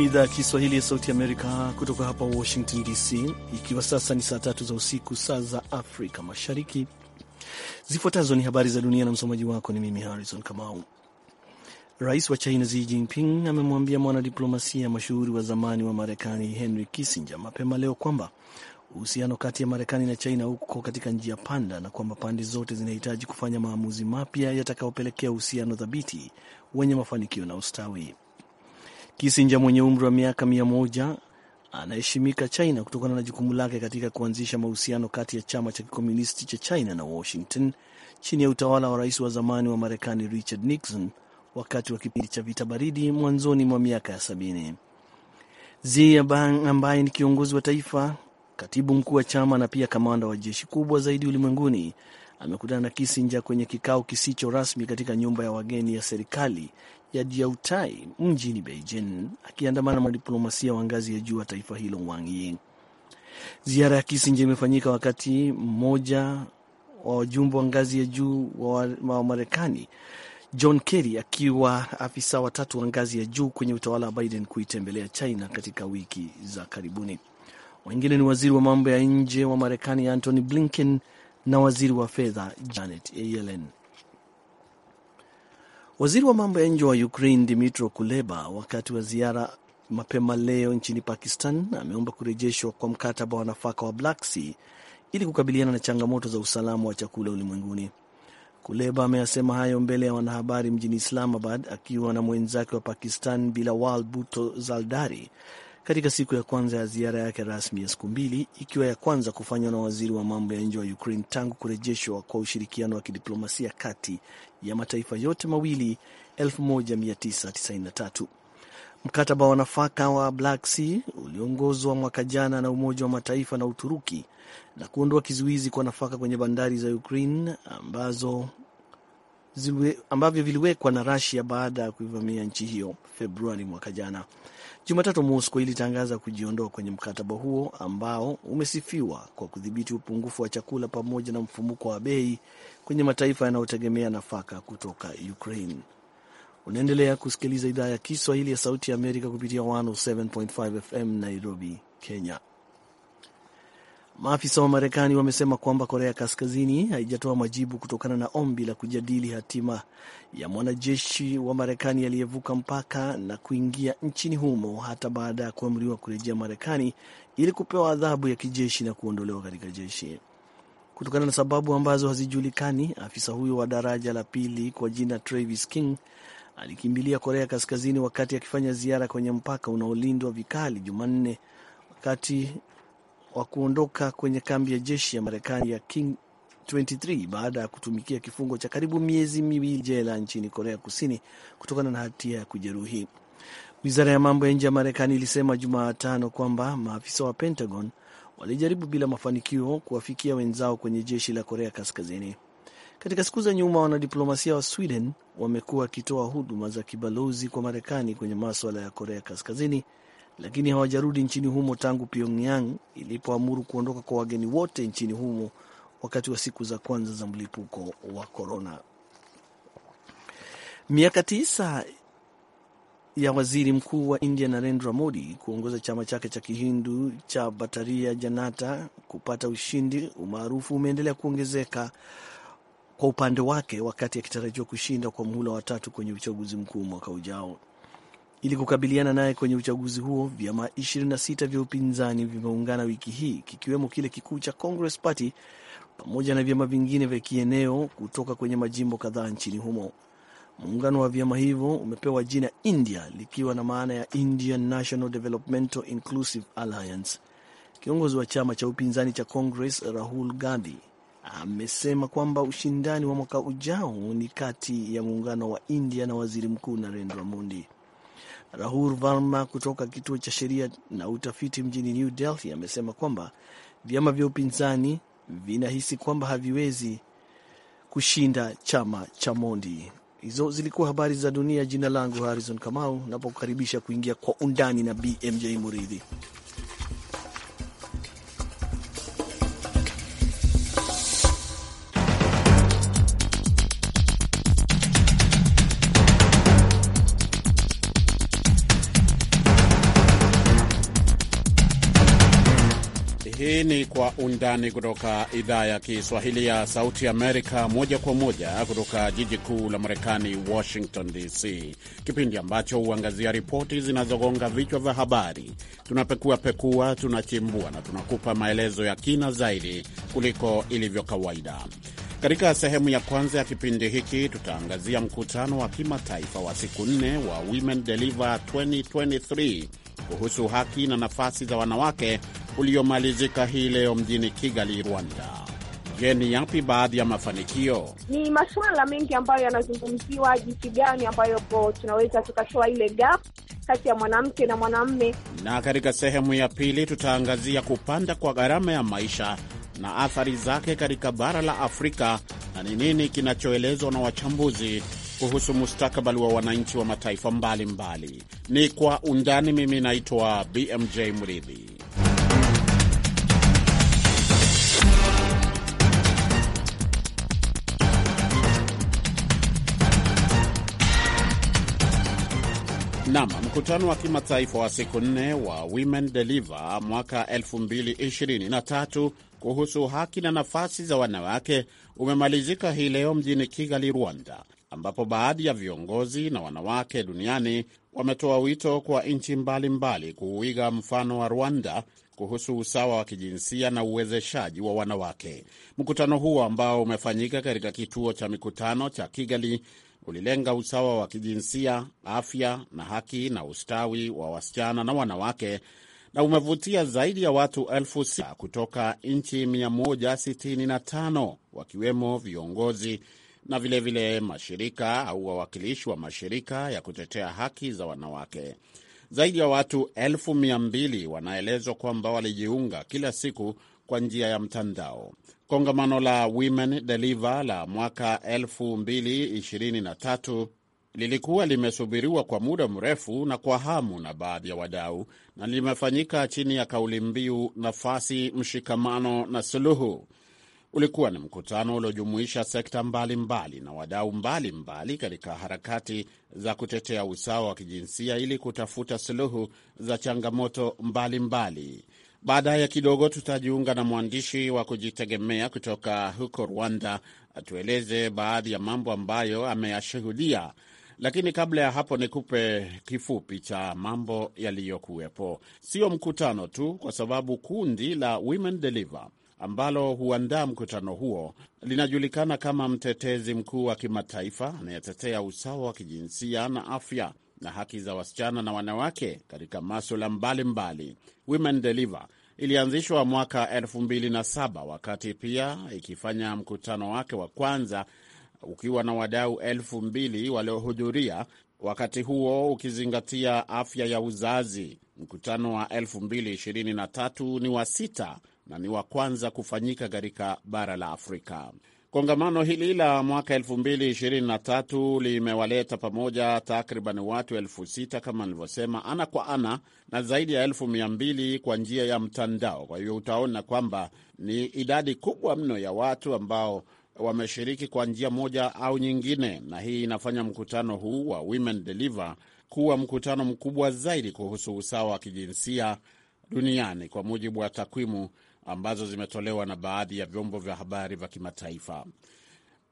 ni idhaa ya Kiswahili ya Sauti Amerika kutoka hapa Washington DC, ikiwa sasa ni saa tatu za usiku, saa za Afrika Mashariki. Zifuatazo ni habari za dunia na msomaji wako ni mimi Harrison Kamau. Rais wa China Xi Jinping amemwambia mwanadiplomasia mashuhuri wa zamani wa Marekani Henry Kissinger mapema leo kwamba uhusiano kati ya Marekani na China uko katika njia panda na kwamba pande zote zinahitaji kufanya maamuzi mapya yatakayopelekea uhusiano thabiti wenye mafanikio na ustawi. Kisinja mwenye umri wa miaka mia moja anaheshimika China kutokana na jukumu lake katika kuanzisha mahusiano kati ya chama cha kikomunisti cha China na Washington chini ya utawala wa rais wa zamani wa Marekani Richard Nixon wakati wa kipindi cha vita baridi mwanzoni mwa miaka ya sabini. Ziyabang ambaye ni kiongozi wa taifa, katibu mkuu wa chama na pia kamanda wa jeshi kubwa zaidi ulimwenguni, amekutana na kisinja kwenye kikao kisicho rasmi katika nyumba ya wageni ya serikali ya Diaotai mjini Beijing, akiandamana madiplomasia wa ngazi ya juu wa taifa hilo Wang Yi. Ziara ya kisinja imefanyika wakati mmoja wa wajumbe wa ngazi ya juu wa Marekani John Kerry akiwa afisa watatu wa ngazi ya juu kwenye utawala wa Biden kuitembelea China katika wiki za karibuni. Wengine ni waziri wa mambo ya nje wa Marekani Antony Blinken na waziri wa fedha Janet Yellen. Waziri wa mambo ya nje wa Ukraine Dmytro Kuleba, wakati wa ziara mapema leo nchini Pakistan, ameomba kurejeshwa kwa mkataba wa nafaka wa Black Sea ili kukabiliana na changamoto za usalama wa chakula ulimwenguni. Kuleba ameyasema hayo mbele ya wanahabari mjini Islamabad akiwa na mwenzake wa Pakistan Bilawal Bhutto Zardari katika siku ya kwanza ya ziara yake rasmi ya siku mbili, ikiwa ya kwanza kufanywa na waziri wa mambo ya nje wa Ukraine tangu kurejeshwa kwa ushirikiano wa kidiplomasia kati ya mataifa yote mawili 1993. Mkataba wa nafaka wa Black Sea uliongozwa mwaka jana na Umoja wa Mataifa na Uturuki na kuondoa kizuizi kwa nafaka kwenye bandari za Ukraine ambazo ambavyo viliwekwa na Russia baada ya kuivamia nchi hiyo Februari mwaka jana. Jumatatu, Moscow ilitangaza kujiondoa kwenye mkataba huo ambao umesifiwa kwa kudhibiti upungufu wa chakula pamoja na mfumuko wa bei kwenye mataifa yanayotegemea nafaka kutoka Ukraine. Unaendelea kusikiliza idhaa ya Kiswahili ya Sauti ya Amerika kupitia 107.5 FM Nairobi, Kenya. Maafisa wa Marekani wamesema kwamba Korea Kaskazini haijatoa majibu kutokana na ombi la kujadili hatima ya mwanajeshi wa Marekani aliyevuka mpaka na kuingia nchini humo hata baada ya kuamriwa kurejea Marekani ili kupewa adhabu ya kijeshi na kuondolewa katika jeshi kutokana na sababu ambazo hazijulikani. Afisa huyo wa daraja la pili kwa jina Travis King alikimbilia Korea Kaskazini wakati akifanya ziara kwenye mpaka unaolindwa vikali Jumanne, wakati wa kuondoka kwenye kambi ya jeshi ya Marekani ya King 23 baada ya kutumikia kifungo cha karibu miezi miwili jela nchini Korea Kusini kutokana na hatia ya kujeruhi. Wizara ya mambo ya nje ya Marekani ilisema Jumatano kwamba maafisa wa Pentagon walijaribu bila mafanikio kuwafikia wenzao kwenye jeshi la Korea Kaskazini. Katika siku za nyuma, wanadiplomasia wa Sweden wamekuwa wakitoa huduma za kibalozi kwa Marekani kwenye maswala ya Korea Kaskazini lakini hawajarudi nchini humo tangu Pyongyang ilipoamuru kuondoka kwa wageni wote nchini humo wakati wa siku za kwanza za mlipuko wa korona. Miaka tisa ya waziri mkuu wa India Narendra Modi kuongoza chama chake cha kihindu cha Bharatiya Janata kupata ushindi, umaarufu umeendelea kuongezeka kwa upande wake, wakati akitarajiwa kushinda kwa muhula watatu kwenye uchaguzi mkuu mwaka ujao. Ili kukabiliana naye kwenye uchaguzi huo, vyama 26 vya upinzani vimeungana wiki hii kikiwemo kile kikuu cha Congress Party pamoja na vyama vingine vya kieneo kutoka kwenye majimbo kadhaa nchini humo. Muungano wa vyama hivyo umepewa jina India likiwa na maana ya Indian National Developmental Inclusive Alliance. Kiongozi wa chama cha upinzani cha Congress Rahul Gandhi amesema kwamba ushindani wa mwaka ujao ni kati ya muungano wa India na waziri mkuu Narendra Modi. Rahul Varma kutoka kituo cha sheria na utafiti mjini New Delhi amesema kwamba vyama vya upinzani vinahisi kwamba haviwezi kushinda chama cha mondi Hizo zilikuwa habari za dunia. Jina langu Harrison Kamau, napokukaribisha kuingia kwa undani na BMJ Muridhi. undani kutoka idhaa ya Kiswahili ya Sauti Amerika, moja kwa moja kutoka jiji kuu la Marekani, Washington DC, kipindi ambacho huangazia ripoti zinazogonga vichwa vya habari. Tunapekua pekua, tunachimbua na tunakupa maelezo ya kina zaidi kuliko ilivyo kawaida. Katika sehemu ya kwanza ya kipindi hiki tutaangazia mkutano wa kimataifa wa siku nne wa Women Deliver 2023 kuhusu haki na nafasi za wanawake uliomalizika hii leo mjini Kigali, Rwanda. Je, ni yapi baadhi ya mafanikio? Ni masuala mengi ambayo yanazungumziwa, jinsi gani ambayo tunaweza tukatoa ile gap kati ya mwanamke na mwanamme Na katika sehemu ya pili tutaangazia kupanda kwa gharama ya maisha na athari zake katika bara la Afrika na ni nini kinachoelezwa na wachambuzi kuhusu mustakabali wa wananchi wa mataifa mbalimbali mbali. Ni kwa undani. Mimi naitwa BMJ Mridhi. Nam, mkutano wa kimataifa wa siku nne wa Women Deliver mwaka 2023 kuhusu haki na nafasi za wanawake umemalizika hii leo mjini Kigali, Rwanda, ambapo baadhi ya viongozi na wanawake duniani wametoa wito kwa nchi mbalimbali kuuiga mfano wa Rwanda kuhusu usawa wa kijinsia na uwezeshaji wa wanawake. Mkutano huo ambao umefanyika katika kituo cha mikutano cha Kigali ulilenga usawa wa kijinsia, afya na haki na ustawi wa wasichana na wanawake na umevutia zaidi ya watu elfu sita kutoka nchi 165 wakiwemo viongozi na vilevile vile mashirika au wawakilishi wa mashirika ya kutetea haki za wanawake. Zaidi ya watu elfu mia mbili wanaelezwa kwamba walijiunga kila siku kwa njia ya mtandao. Kongamano la Women Deliver la mwaka 2023 lilikuwa limesubiriwa kwa muda mrefu na kwa hamu na baadhi ya wadau na limefanyika chini ya kauli mbiu nafasi, mshikamano na suluhu. Ulikuwa ni mkutano uliojumuisha sekta mbalimbali mbali na wadau mbalimbali katika harakati za kutetea usawa wa kijinsia ili kutafuta suluhu za changamoto mbalimbali mbali. Baadaye kidogo tutajiunga na mwandishi wa kujitegemea kutoka huko Rwanda atueleze baadhi ya mambo ambayo ameyashuhudia, lakini kabla ya hapo nikupe kifupi cha mambo yaliyokuwepo. Sio mkutano tu, kwa sababu kundi la Women Deliver ambalo huandaa mkutano huo linajulikana kama mtetezi mkuu wa kimataifa anayetetea usawa wa kijinsia na afya na haki za wasichana na wanawake katika maswala mbalimbali. Women Deliver ilianzishwa mwaka 2007 wakati pia ikifanya mkutano wake wa kwanza ukiwa na wadau elfu mbili waliohudhuria, wakati huo ukizingatia afya ya uzazi. Mkutano wa 2023 ni wa sita na ni wa kwanza kufanyika katika bara la Afrika. Kongamano hili la mwaka 2023 limewaleta pamoja takriban watu elfu sita kama nilivyosema, ana kwa ana na zaidi ya elfu mia mbili kwa njia ya mtandao. Kwa hiyo utaona kwamba ni idadi kubwa mno ya watu ambao wameshiriki kwa njia moja au nyingine, na hii inafanya mkutano huu wa Women Deliver kuwa mkutano mkubwa zaidi kuhusu usawa wa kijinsia duniani kwa mujibu wa takwimu ambazo zimetolewa na baadhi ya vyombo vya habari vya kimataifa.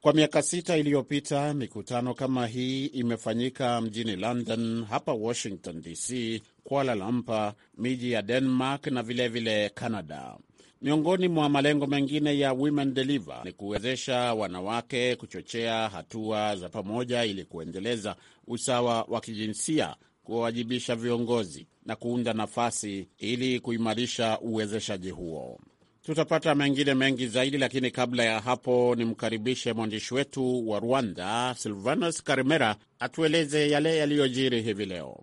Kwa miaka sita iliyopita mikutano kama hii imefanyika mjini London, hapa Washington DC, Kuala Lumpur, miji ya Denmark na vilevile vile Canada. Miongoni mwa malengo mengine ya Women Deliver ni kuwezesha wanawake kuchochea hatua za pamoja ili kuendeleza usawa wa kijinsia kuwawajibisha viongozi na kuunda nafasi ili kuimarisha uwezeshaji huo. Tutapata mengine mengi zaidi, lakini kabla ya hapo, nimkaribishe mwandishi wetu wa Rwanda Silvanus Karimera atueleze yale yaliyojiri hivi leo.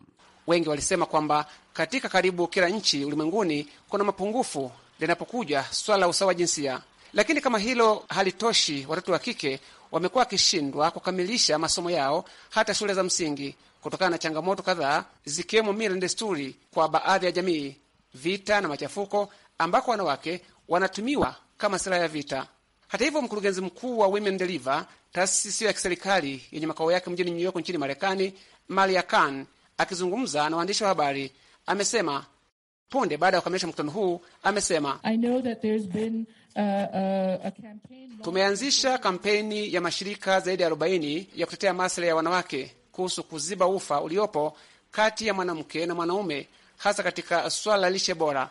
Wengi walisema kwamba katika karibu kila nchi ulimwenguni kuna mapungufu linapokuja swala la usawa jinsia, lakini kama hilo halitoshi, watoto wa kike wamekuwa wakishindwa kukamilisha masomo yao hata shule za msingi kutokana na changamoto kadhaa zikiwemo mila na desturi kwa baadhi ya jamii, vita na machafuko, ambako wanawake wanatumiwa kama silaha ya vita. Hata hivyo, mkurugenzi mkuu wa Women Deliver, taasisi ya kiserikali yenye makao yake mjini New York nchini Marekani, Maria Khan, akizungumza na waandishi wa habari, amesema punde baada ya kukamilisha mkutano huu, amesema been, uh, uh, campaign... tumeanzisha kampeni ya mashirika zaidi ya 40 ya kutetea maslahi ya wanawake kuhusu kuziba ufa uliopo kati ya mwanamke na mwanaume hasa katika swala la lishe bora.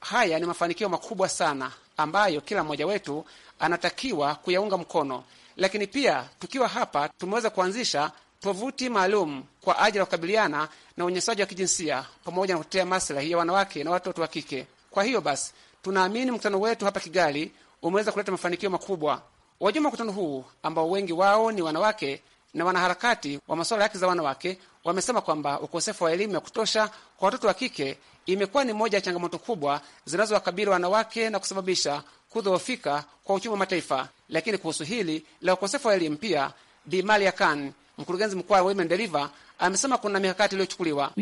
Haya ni mafanikio makubwa sana ambayo kila mmoja wetu anatakiwa kuyaunga mkono, lakini pia tukiwa hapa tumeweza kuanzisha tovuti maalum kwa ajili ya kukabiliana na unyanyasaji wa kijinsia pamoja na kutetea maslahi ya wanawake na watoto wa kike. Kwa hiyo basi, tunaamini mkutano wetu hapa Kigali umeweza kuleta mafanikio makubwa. Wajumbe wa mkutano huu ambao wengi wao ni wanawake na wanaharakati wa masuala ya haki za wanawake wamesema kwamba ukosefu wa elimu ya kutosha kwa watoto wa kike imekuwa ni moja ya changamoto kubwa zinazowakabili wanawake na kusababisha kudhoofika kwa uchumi wa mataifa. Lakini kuhusu hili la ukosefu wa elimu pia, Bi Malia Khan, mkurugenzi mkuu wa Women Deliver, amesema kuna mikakati iliyochukuliwa,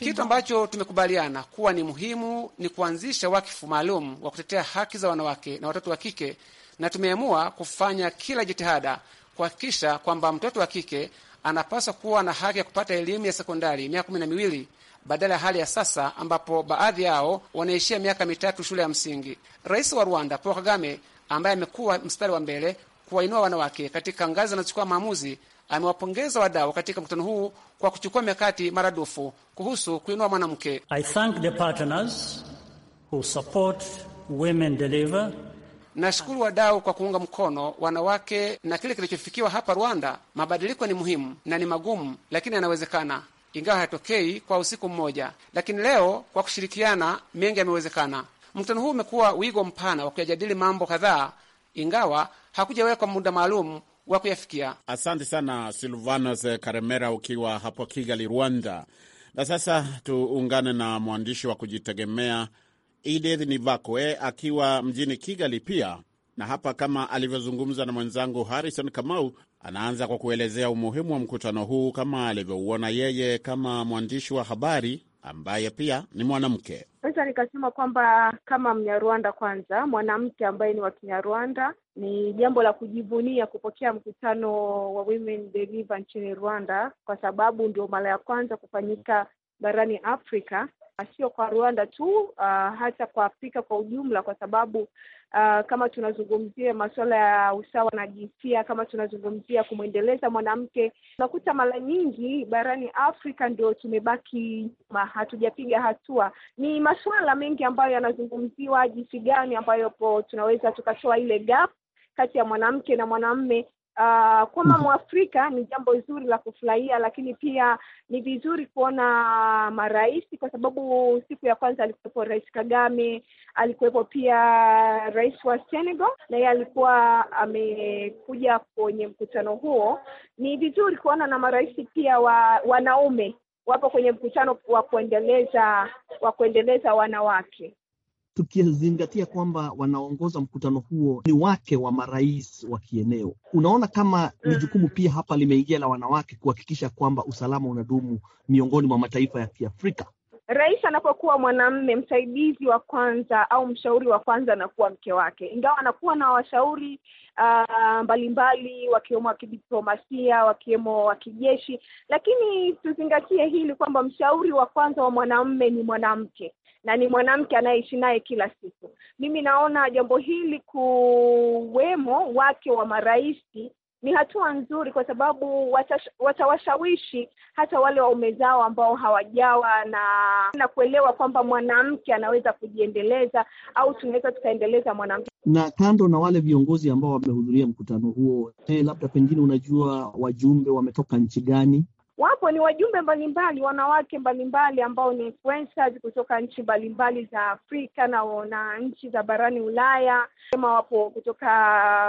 kitu ambacho tumekubaliana kuwa ni muhimu ni kuanzisha wakifu maalum wa kutetea haki za wanawake na watoto wa kike na tumeamua kufanya kila jitihada kuhakikisha kwamba mtoto wa kike anapaswa kuwa na haki ya kupata elimu ya sekondari miaka kumi na miwili badala ya hali ya sasa ambapo baadhi yao wanaishia miaka mitatu shule ya msingi. Rais wa Rwanda Paul Kagame, ambaye amekuwa mstari wa mbele kuwainua wanawake katika ngazi zinazochukua maamuzi, amewapongeza wadau katika mkutano huu kwa kuchukua mikakati maradufu kuhusu kuinua mwanamke. I thank the partners who support women deliver Nashukuru wadau kwa kuunga mkono wanawake na kile kilichofikiwa hapa Rwanda. Mabadiliko ni muhimu na ni magumu, lakini yanawezekana, ingawa hayatokei kwa usiku mmoja, lakini leo kwa kushirikiana, mengi yamewezekana. Mkutano huu umekuwa wigo mpana wa kuyajadili mambo kadhaa, ingawa hakujawekwa muda maalum wa kuyafikia. Asante sana Silvanos Karemera, ukiwa hapo Kigali, Rwanda. Na sasa tuungane na mwandishi wa kujitegemea Edith Nivakwe akiwa mjini Kigali pia, na hapa kama alivyozungumza na mwenzangu Harrison Kamau, anaanza kwa kuelezea umuhimu wa mkutano huu kama alivyouona yeye kama mwandishi wa habari ambaye pia ni mwanamke. Naweza nikasema kwamba kama Mnyarwanda, kwanza mwanamke ambaye ni wa Kinyarwanda, ni jambo la kujivunia kupokea mkutano wa Women Deliver nchini Rwanda, kwa sababu ndio mara ya kwanza kufanyika barani Afrika Ah, sio kwa Rwanda tu uh, hata kwa Afrika kwa ujumla, kwa sababu uh, kama tunazungumzia masuala ya usawa na jinsia, kama tunazungumzia kumwendeleza mwanamke, unakuta mara nyingi barani Afrika ndio tumebaki nyuma, hatujapiga hatua. Ni masuala mengi ambayo yanazungumziwa, jinsi gani ambayo po tunaweza tukatoa ile gap kati ya mwanamke na mwanamme uh, ah, kama hmm. Mwafrika ni jambo zuri la kufurahia, lakini pia ni vizuri kuona marais, kwa sababu siku ya kwanza alikuwepo Rais Kagame, alikuwepo pia rais wa Senegal na yeye alikuwa amekuja kwenye mkutano huo. Ni vizuri kuona na marais pia wa wanaume wapo kwenye mkutano wa kuendeleza wa kuendeleza wanawake tukizingatia kwamba wanaongoza mkutano huo ni wake wa marais wa kieneo. Unaona kama ni mm. jukumu pia hapa limeingia la wanawake kuhakikisha kwamba usalama unadumu miongoni mwa mataifa ya Kiafrika. Rais anapokuwa mwanamme, msaidizi wa kwanza au mshauri wa kwanza anakuwa mke wake, ingawa anakuwa na washauri uh, mbalimbali wakiwemo wa kidiplomasia, wakiwemo wa kijeshi, lakini tuzingatie hili kwamba mshauri wa kwanza wa mwanamme ni mwanamke na ni mwanamke anayeishi naye kila siku. Mimi naona jambo hili kuwemo wake wa maraisi ni hatua nzuri, kwa sababu watawashawishi wata hata wale waume zao ambao hawajawa na na kuelewa kwamba mwanamke anaweza kujiendeleza au tunaweza tukaendeleza mwanamke. Na kando na wale viongozi ambao wamehudhuria mkutano huo, hey, eh, labda pengine unajua wajumbe wametoka nchi gani? Wapo ni wajumbe mbalimbali, wanawake mbalimbali ambao ni influencers kutoka nchi mbalimbali za Afrika na na nchi za barani Ulaya, kama wapo kutoka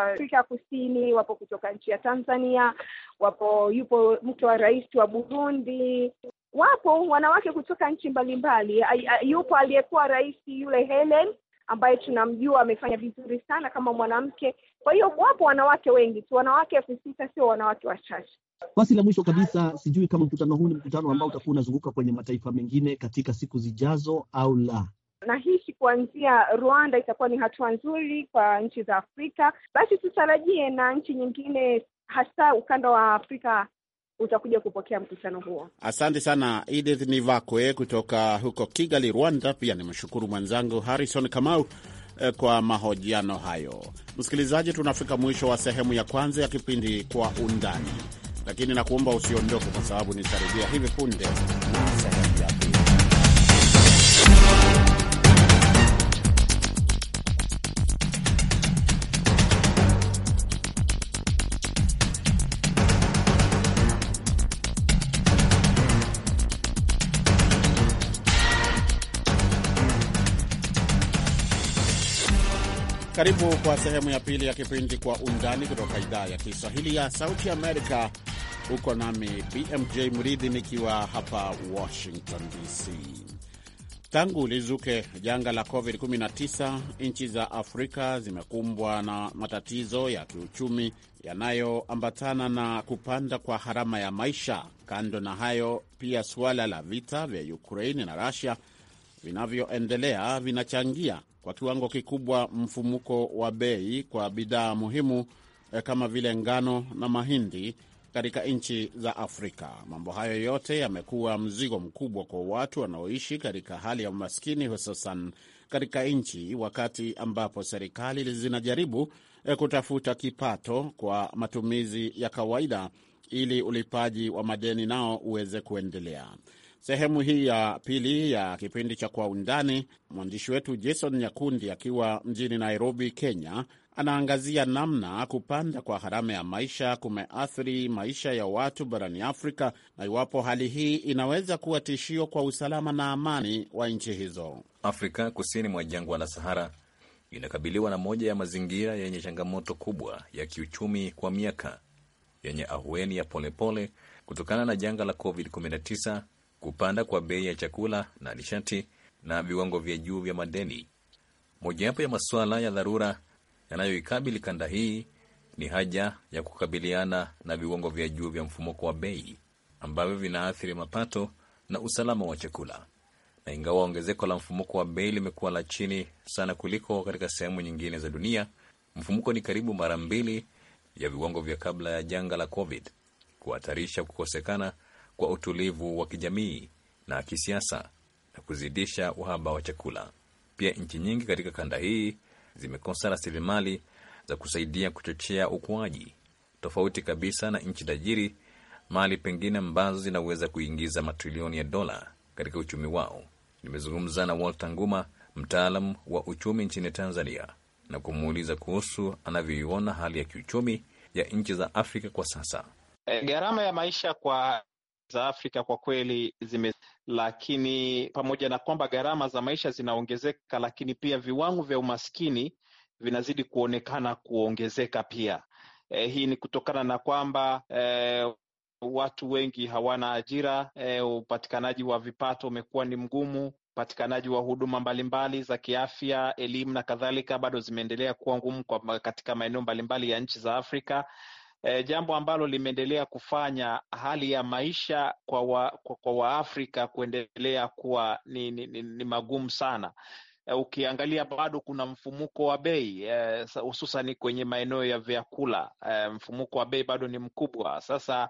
Afrika Kusini, wapo kutoka nchi ya Tanzania, wapo yupo mke wa rais wa Burundi, wapo wanawake kutoka nchi mbalimbali. Yupo aliyekuwa rais yule Helen ambaye tunamjua amefanya vizuri sana kama mwanamke kwa hiyo wapo wanawake wengi tu, wanawake elfu sita sio wanawake wachache. Basi la mwisho kabisa, sijui kama mkutano huu ni mkutano ambao utakuwa unazunguka kwenye mataifa mengine katika siku zijazo au la? Nahisi kuanzia Rwanda itakuwa ni hatua nzuri kwa nchi za Afrika, basi tutarajie na nchi nyingine, hasa ukanda wa Afrika utakuja kupokea mkutano huo. Asante sana Edith Nivakwe kutoka huko Kigali, Rwanda. Pia nimshukuru mwenzangu Harrison Kamau Eh, kwa mahojiano hayo. Msikilizaji, tunafika mwisho wa sehemu ya kwanza ya kipindi Kwa Undani, lakini nakuomba usiondoke, kwa sababu nitarudia hivi punde. Karibu kwa sehemu ya pili ya kipindi Kwa Undani kutoka idhaa ya Kiswahili ya Sauti Amerika. Uko nami BMJ Mridhi nikiwa hapa Washington DC. Tangu lizuke janga la COVID-19, nchi za Afrika zimekumbwa na matatizo ya kiuchumi yanayoambatana na kupanda kwa gharama ya maisha. Kando na hayo, pia suala la vita vya Ukraini na Rusia vinavyoendelea vinachangia kwa kiwango kikubwa mfumuko wa bei kwa bidhaa muhimu eh, kama vile ngano na mahindi katika nchi za Afrika. Mambo hayo yote yamekuwa mzigo mkubwa kwa watu wanaoishi katika hali ya umaskini, hususan katika nchi wakati ambapo serikali zinajaribu eh, kutafuta kipato kwa matumizi ya kawaida ili ulipaji wa madeni nao uweze kuendelea. Sehemu hii ya pili ya kipindi cha Kwa Undani, mwandishi wetu Jason Nyakundi akiwa mjini Nairobi, Kenya, anaangazia namna kupanda kwa gharama ya maisha kumeathiri maisha ya watu barani Afrika na iwapo hali hii inaweza kuwa tishio kwa usalama na amani wa nchi hizo. Afrika kusini mwa jangwa la Sahara inakabiliwa na moja ya mazingira yenye changamoto kubwa ya kiuchumi kwa miaka yenye ahueni ya polepole pole kutokana na janga la COVID-19 kupanda kwa bei ya chakula na nishati na viwango vya juu vya madeni. Mojawapo ya masuala ya dharura yanayoikabili kanda hii ni haja ya kukabiliana na viwango vya juu vya mfumuko wa bei ambavyo vinaathiri mapato na usalama wa chakula. Na ingawa ongezeko la mfumuko wa bei limekuwa la chini sana kuliko katika sehemu nyingine za dunia, mfumuko ni karibu mara mbili ya viwango vya kabla ya janga la COVID, kuhatarisha kukosekana kwa utulivu wa kijamii na kisiasa na kuzidisha uhaba wa chakula. Pia nchi nyingi katika kanda hii zimekosa rasilimali za kusaidia kuchochea ukuaji, tofauti kabisa na nchi tajiri mali pengine ambazo zinaweza kuingiza matrilioni ya dola katika uchumi wao. Nimezungumza na Walter Nguma, mtaalam wa uchumi nchini Tanzania, na kumuuliza kuhusu anavyoiona hali ya kiuchumi ya nchi za Afrika kwa sasa. Eh, gharama ya maisha kwa za Afrika kwa kweli zime, lakini pamoja na kwamba gharama za maisha zinaongezeka, lakini pia viwango vya umaskini vinazidi kuonekana kuongezeka pia. E, hii ni kutokana na kwamba e, watu wengi hawana ajira e, upatikanaji wa vipato umekuwa ni mgumu upatikanaji wa huduma mbalimbali za kiafya, elimu na kadhalika bado zimeendelea kuwa ngumu katika maeneo mbalimbali ya nchi za Afrika e, jambo ambalo limeendelea kufanya hali ya maisha kwa, wa, kwa, kwa Waafrika kuendelea kuwa ni, ni, ni, ni magumu sana. E, ukiangalia bado kuna mfumuko wa bei eh, hususan e, kwenye maeneo ya vyakula e, mfumuko wa bei bado ni mkubwa. Sasa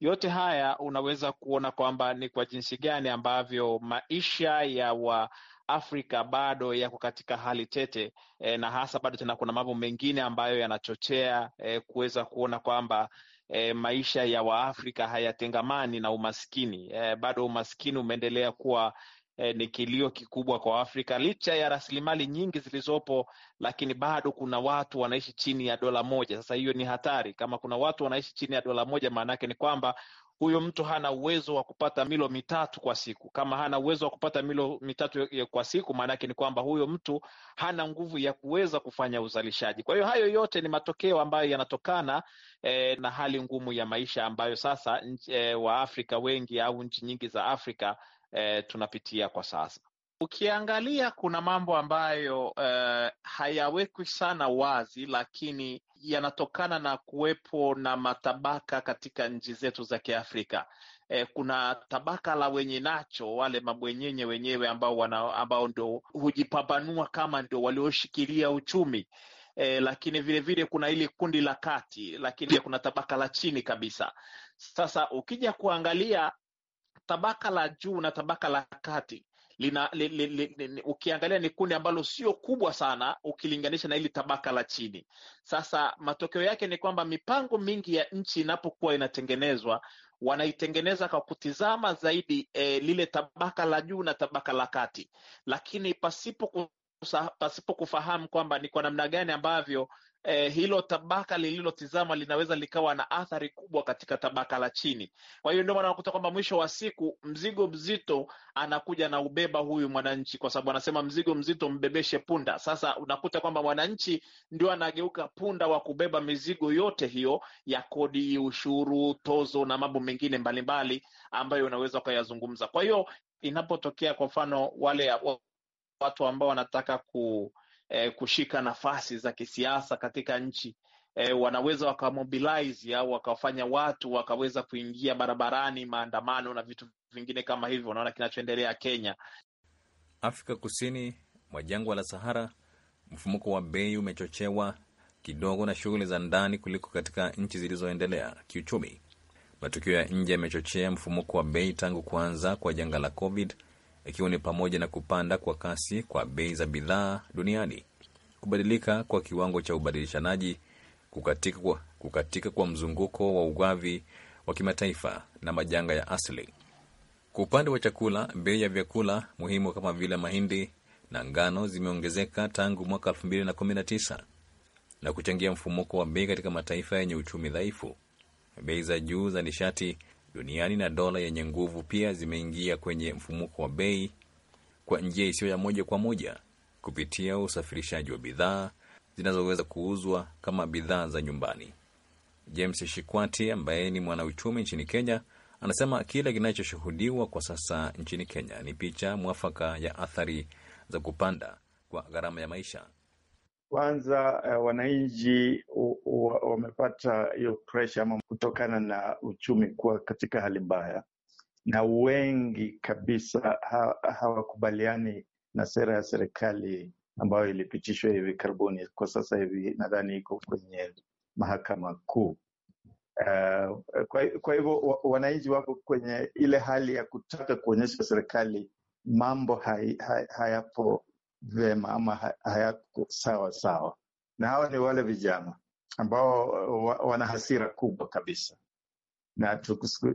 yote haya unaweza kuona kwamba ni kwa jinsi gani ambavyo maisha ya wa Afrika bado yako katika hali tete e, na hasa bado tena kuna mambo mengine ambayo yanachochea e, kuweza kuona kwamba e, maisha ya Waafrika hayatengamani na umaskini e, bado umaskini umeendelea kuwa E, ni kilio kikubwa kwa Afrika licha ya rasilimali nyingi zilizopo, lakini bado kuna watu wanaishi chini ya dola moja. Sasa hiyo ni hatari. Kama kuna watu wanaishi chini ya dola moja, maana ni kwamba huyo mtu hana uwezo wa kupata milo mitatu kwa siku. Kama hana uwezo wa kupata milo mitatu kwa siku, yake ni kwamba huyo mtu hana nguvu ya kuweza kufanya uzalishaji. Kwa hiyo hayo yote ni matokeo ambayo yanatokana eh, na hali ngumu ya maisha ambayo sasa eh, Waafrika wengi au nchi nyingi za Afrika eh, tunapitia kwa sasa. Ukiangalia kuna mambo ambayo uh, hayawekwi sana wazi, lakini yanatokana na kuwepo na matabaka katika nchi zetu za Kiafrika. Eh, kuna tabaka la wenye nacho wale mabwenyenye wenyewe ambao wana, ambao ndo hujipambanua kama ndio walioshikilia uchumi eh, lakini vilevile vile kuna ili kundi la kati, lakini kuna tabaka la chini kabisa. Sasa ukija kuangalia tabaka la juu na tabaka la kati lina, li, li, li, ukiangalia ni kundi ambalo sio kubwa sana ukilinganisha na hili tabaka la chini. Sasa matokeo yake ni kwamba mipango mingi ya nchi inapokuwa inatengenezwa wanaitengeneza kwa kutizama zaidi e, lile tabaka la juu na tabaka la kati, lakini pasipo kusa, pasipo kufahamu kwamba ni kwa namna gani ambavyo eh, hilo tabaka lililotizama linaweza likawa na athari kubwa katika tabaka la chini. Kwa hiyo ndio maana unakuta kwamba mwisho wa siku mzigo mzito anakuja na ubeba huyu mwananchi, kwa sababu anasema mzigo mzito mbebeshe punda. Sasa unakuta kwamba mwananchi ndio anageuka punda wa kubeba mizigo yote hiyo ya kodi, ushuru, tozo na mambo mengine mbalimbali ambayo unaweza ukayazungumza. Kwa hiyo inapotokea kwa mfano wale watu ambao wanataka ku eh, kushika nafasi za kisiasa katika nchi eh, wanaweza wakamobilize au wakawafanya watu wakaweza kuingia barabarani, maandamano na vitu vingine kama hivyo. Unaona kinachoendelea Kenya. Afrika Kusini mwa jangwa la Sahara, mfumuko wa bei umechochewa kidogo na shughuli za ndani kuliko katika nchi zilizoendelea kiuchumi. Matukio ya nje yamechochea mfumuko wa bei tangu kuanza kwa janga la COVID ikiwa ni pamoja na kupanda kwa kasi kwa bei za bidhaa duniani, kubadilika kwa kiwango cha ubadilishanaji, kukatika kwa, kukatika kwa mzunguko wa ugavi wa kimataifa na majanga ya asili. Kwa upande wa chakula, bei ya vyakula muhimu kama vile mahindi na ngano zimeongezeka tangu mwaka 2019 na kuchangia mfumuko wa bei katika mataifa yenye uchumi dhaifu. Bei za juu za nishati duniani na dola yenye nguvu pia zimeingia kwenye mfumuko wa bei kwa njia isiyo ya moja kwa moja kupitia usafirishaji wa bidhaa zinazoweza kuuzwa kama bidhaa za nyumbani. James Shikwati ambaye ni mwanauchumi nchini Kenya anasema kile kinachoshuhudiwa kwa sasa nchini Kenya ni picha mwafaka ya athari za kupanda kwa gharama ya maisha. Kwanza uh, wananchi wamepata hiyo presha ama kutokana na uchumi kuwa katika hali mbaya, na wengi kabisa hawakubaliani na sera ya serikali ambayo ilipitishwa hivi karibuni. Kwa sasa hivi nadhani iko kwenye mahakama kuu. Uh, kwa, kwa hivyo wananchi wako kwenye ile hali ya kutaka kuonyesha serikali mambo hayapo vyema ama hayako sawa sawa, na hawa ni wale vijana ambao uh, wana hasira kubwa kabisa, na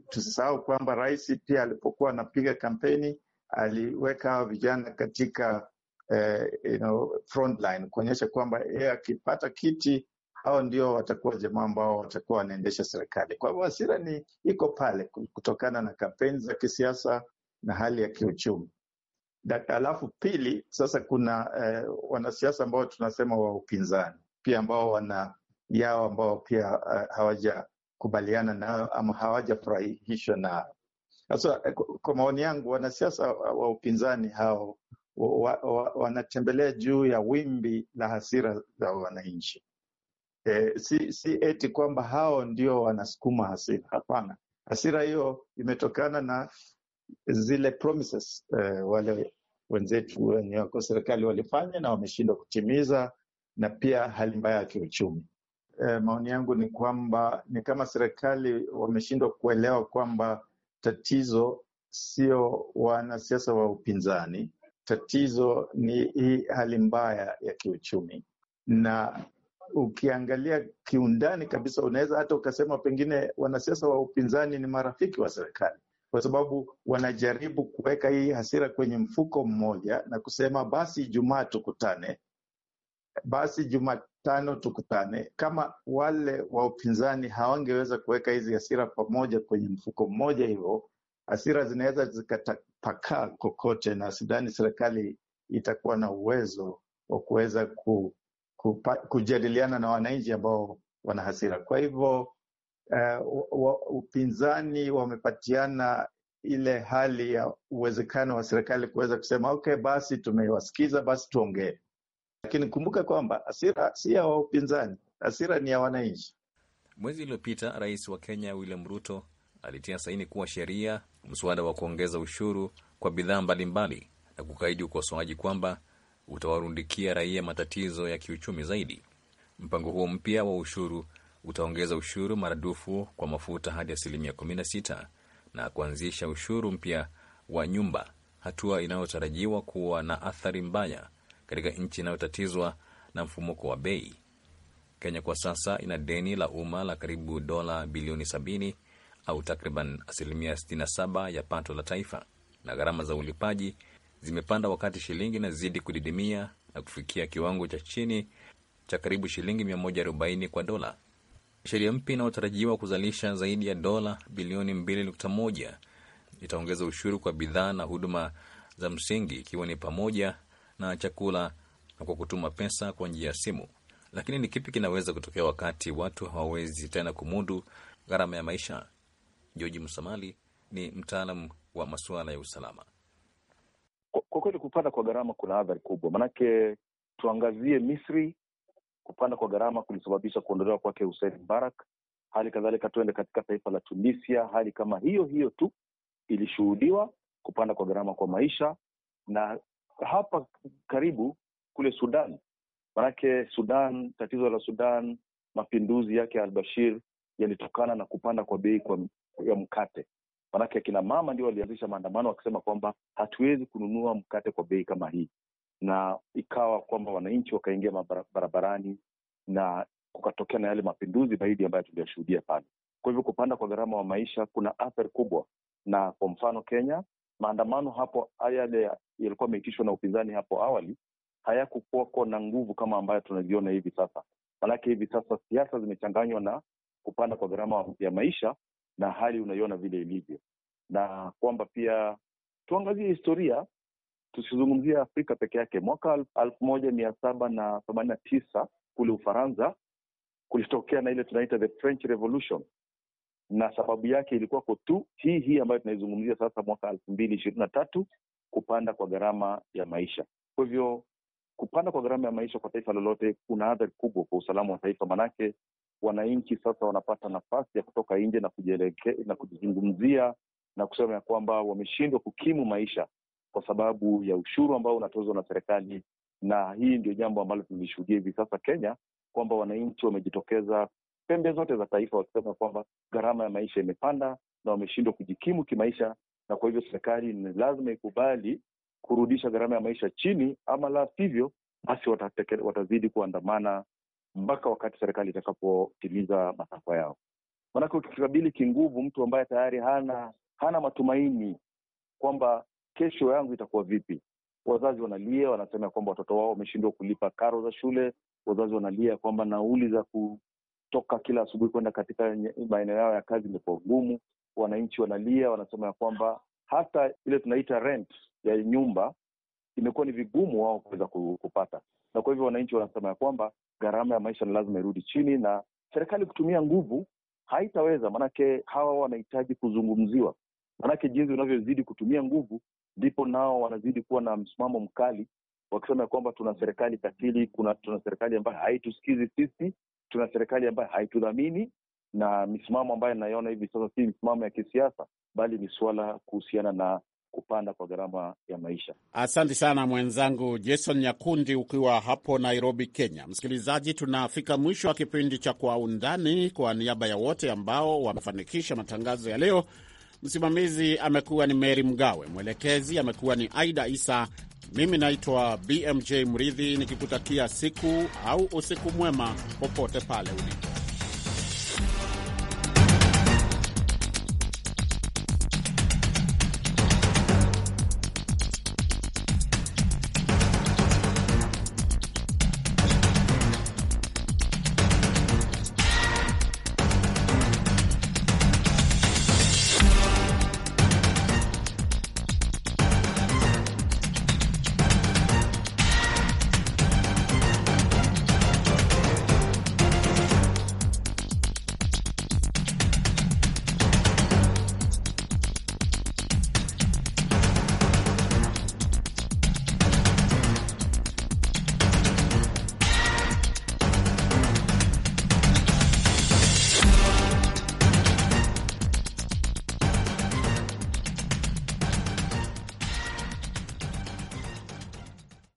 tusisahau kwamba rais pia alipokuwa anapiga kampeni aliweka hawa vijana katika eh, you know, frontline kuonyesha kwamba yeye akipata kiti au ndio watakuwa jamaa ambao watakuwa wanaendesha serikali. Kwa hivyo hasira ni iko pale kutokana na kampeni za kisiasa na hali ya kiuchumi. Alafu pili, sasa kuna eh, wanasiasa ambao tunasema wa upinzani pia ambao wana yao ambao pia uh, hawajakubaliana nayo ama hawajafurahishwa nayo. Sasa eh, kwa maoni yangu, wanasiasa wa upinzani hao wanatembelea wa, wa, wa juu ya wimbi la hasira za wananchi. E, si, si eti kwamba hao ndio wanasukuma hasira. Hapana, hasira hiyo imetokana na zile promises eh, wale wenzetu wenye wako serikali walifanya na wameshindwa kutimiza, na pia hali mbaya ya kiuchumi. Eh, maoni yangu ni kwamba ni kama serikali wameshindwa kuelewa kwamba tatizo sio wanasiasa wa upinzani, tatizo ni hii hali mbaya ya kiuchumi. Na ukiangalia kiundani kabisa, unaweza hata ukasema pengine wanasiasa wa upinzani ni marafiki wa serikali, kwa sababu wanajaribu kuweka hii hasira kwenye mfuko mmoja na kusema basi Ijumaa tukutane, basi Jumatano tukutane. Kama wale wa upinzani hawangeweza kuweka hizi hasira pamoja kwenye mfuko mmoja, hivyo hasira zinaweza zikatapakaa kokote, na sidhani serikali itakuwa na uwezo wa kuweza ku, ku, kujadiliana na wananchi ambao wana hasira. Kwa hivyo uh, upinzani wamepatiana ile hali ya uwezekano wa serikali kuweza kusema okay, basi tumewasikiza, basi tuongee. Lakini kumbuka kwamba hasira si ya upinzani, hasira ni ya wananchi. Mwezi uliopita rais wa Kenya William Ruto alitia saini kuwa sheria mswada wa kuongeza ushuru kwa bidhaa mbalimbali na kukaidi ukosoaji kwamba utawarundikia raia matatizo ya kiuchumi zaidi. Mpango huo mpya wa ushuru utaongeza ushuru maradufu kwa mafuta hadi asilimia 16 na kuanzisha ushuru mpya wa nyumba, hatua inayotarajiwa kuwa na athari mbaya katika nchi inayotatizwa na mfumuko wa bei. Kenya kwa sasa ina deni la umma la karibu dola bilioni 70 au takriban asilimia 67 ya pato la taifa, na gharama za ulipaji zimepanda wakati shilingi inazidi kudidimia na kufikia kiwango cha chini cha karibu shilingi 140 kwa dola. Sheria mpya inayotarajiwa kuzalisha zaidi ya dola bilioni 2.1 itaongeza ushuru kwa bidhaa na huduma za msingi ikiwa ni pamoja na chakula na kwa kutuma pesa kwa njia ya simu. Lakini ni kipi kinaweza kutokea wakati watu hawawezi tena kumudu gharama ya maisha? George Msamali ni mtaalamu wa masuala ya usalama. Kwa kweli kupanda kwa gharama kuna athari kubwa, manake tuangazie Misri Kupanda kwa gharama kulisababisha kuondolewa kwake Hussein Mbarak. Hali kadhalika, tuende katika taifa la Tunisia, hali kama hiyo hiyo tu ilishuhudiwa, kupanda kwa gharama kwa maisha. Na hapa karibu kule Sudan, manake Sudan, tatizo la Sudan, mapinduzi yake ya Albashir yalitokana na kupanda kwa bei kwa ya mkate. manake akina mama ndio walianzisha maandamano wakisema kwamba hatuwezi kununua mkate kwa bei kama hii na ikawa kwamba wananchi wakaingia barabarani na kukatokea na yale mapinduzi zaidi ambayo tuliyashuhudia pale. Kwa hivyo kupanda kwa gharama wa maisha kuna athari kubwa, na kwa mfano Kenya, maandamano hapo yale yalikuwa ameitishwa na upinzani hapo awali hayakukuwako na nguvu kama ambayo tunaziona hivi sasa, maanake hivi sasa siasa zimechanganywa na kupanda kwa gharama ya maisha na hali unaiona vile ilivyo, na kwamba pia tuangazie historia Tusizungumzia Afrika peke yake. Mwaka elfu moja mia saba na themani na tisa kule Ufaransa kulitokea na ile tunaita the French Revolution, na sababu yake ilikuwako tu hii hii ambayo tunaizungumzia sasa, mwaka elfu mbili ishirini na tatu kupanda kwa gharama ya maisha. Kwa hivyo kupanda kwa gharama ya maisha kwa taifa lolote kuna athari kubwa kwa usalama wa taifa, manake wananchi sasa wanapata nafasi ya kutoka nje na kujielekea na kujizungumzia na kusema ya kwamba wameshindwa kukimu maisha kwa sababu ya ushuru ambao unatozwa na serikali, na hii ndio jambo ambalo tumelishuhudia hivi sasa Kenya, kwamba wananchi wamejitokeza pembe zote za taifa wakisema kwamba gharama ya maisha imepanda na wameshindwa kujikimu kimaisha, na kwa hivyo serikali ni lazima ikubali kurudisha gharama ya maisha chini, ama la sivyo basi watazidi kuandamana mpaka wakati serikali itakapotimiza matakwa yao. Maanake ukikabili kinguvu mtu ambaye tayari hana hana matumaini kwamba kesho yangu itakuwa vipi? Wazazi wanalia, wanasema kwamba watoto wao wameshindwa kulipa karo za shule. Wazazi wanalia kwamba nauli za kutoka kila asubuhi kwenda katika maeneo yao ya kazi imekuwa ngumu. Wananchi wanalia, wanasema ya kwamba hata ile tunaita rent ya nyumba imekuwa ni vigumu wao kuweza kupata, na kwa hivyo wananchi wanasema ya kwamba gharama ya maisha ni lazima irudi chini, na serikali kutumia nguvu haitaweza, maanake hawa wanahitaji kuzungumziwa, maanake jinsi unavyozidi kutumia nguvu ndipo nao wanazidi kuwa na msimamo mkali wakisema ya kwamba tuna serikali katili, kuna tuna serikali ambayo haitusikizi sisi, tuna serikali ambayo haitudhamini, na misimamo ambayo inaiona hivi sasa si misimamo ya kisiasa, bali ni suala kuhusiana na kupanda kwa gharama ya maisha. Asante sana mwenzangu Jason Nyakundi ukiwa hapo Nairobi, Kenya. Msikilizaji, tunafika mwisho wa kipindi cha Kwa Undani. Kwa niaba ya wote ambao wamefanikisha matangazo ya leo, Msimamizi amekuwa ni Meri Mgawe, mwelekezi amekuwa ni Aida Isa. Mimi naitwa BMJ Mridhi, nikikutakia siku au usiku mwema popote pale ulipo.